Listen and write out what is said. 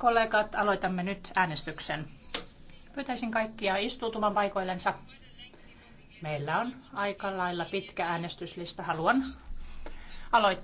Kollegat, aloitamme nyt äänestyksen. Pyytäisin kaikkia istuutumaan paikoillensa. Meillä on aika lailla pitkä äänestyslista. Haluan aloittaa